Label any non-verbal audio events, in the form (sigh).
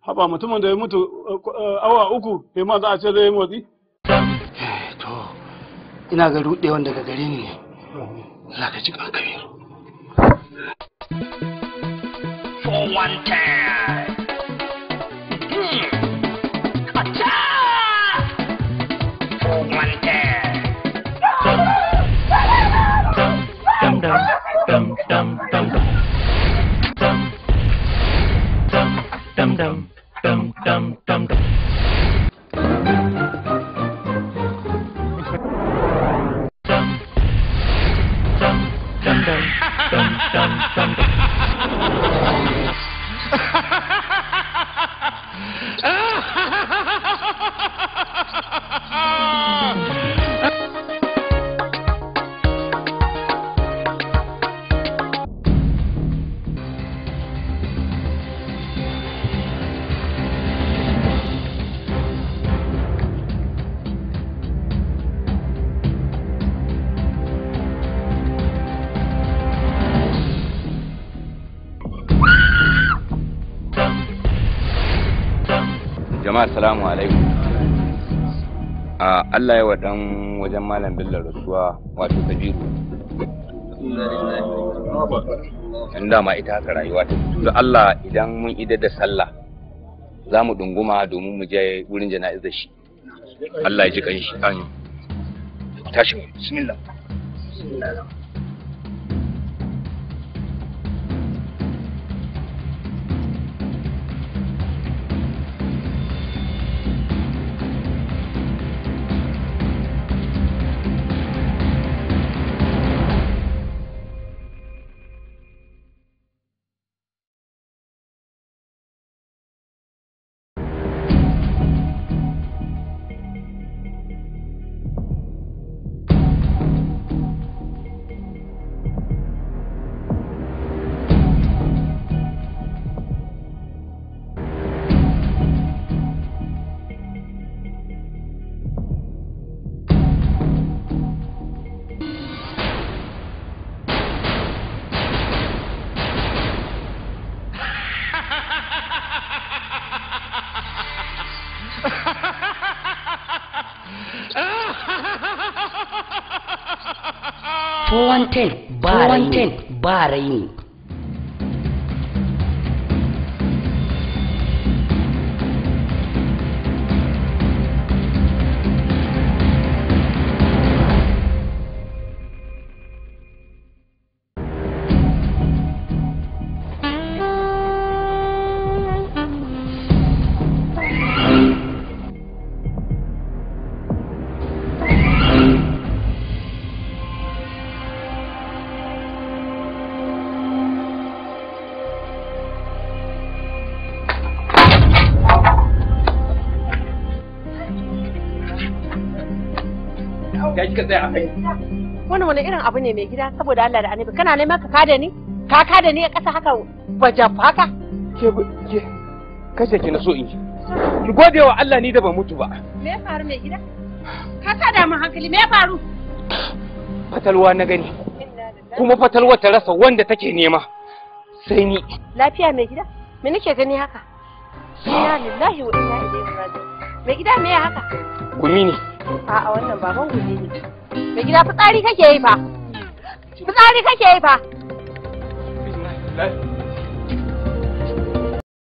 haba mutumin da ya mutu eh, awa uku ya ma za a ce zai yi motsi? to ina ga rude wanda ga gare ni za ka ci kankari dum dum dum dum dum dum. Dum dum dum dum dum dum. (laughs) jama'a salamu alaikum a allah ya dan wajen malam bello rasuwa wato kabiru in dama ita haka rayuwa ta da allah idan mun idar da sallah za mu dunguma domin mu je wurin jana'izar shi allah ya ji kan shi tashi bismillah 410 ba raini Ya ka tsaya a kai. Wani wani irin abu ne mai gida saboda Allah da Annabi kana neman ka kada ni? Ka kada ni a ƙasa haka bajaf haka? Ke ke kashe ki na so in ji. Ki gode wa Allah ni da ban mutu ba. Me ya faru mai gida? Ka kada mu hankali me ya faru? Fatalwa na gani. Kuma fatalwa ta rasa wanda take nema. Sai ni. Lafiya mai gida? Me nake gani haka? Inna lillahi wa inna ilaihi raji'un. Mai gida me ya haka? Gumi ne. A'a wannan baban guje ne. Mai gida fitsari kake yi fa. Fitsari kake yi fa.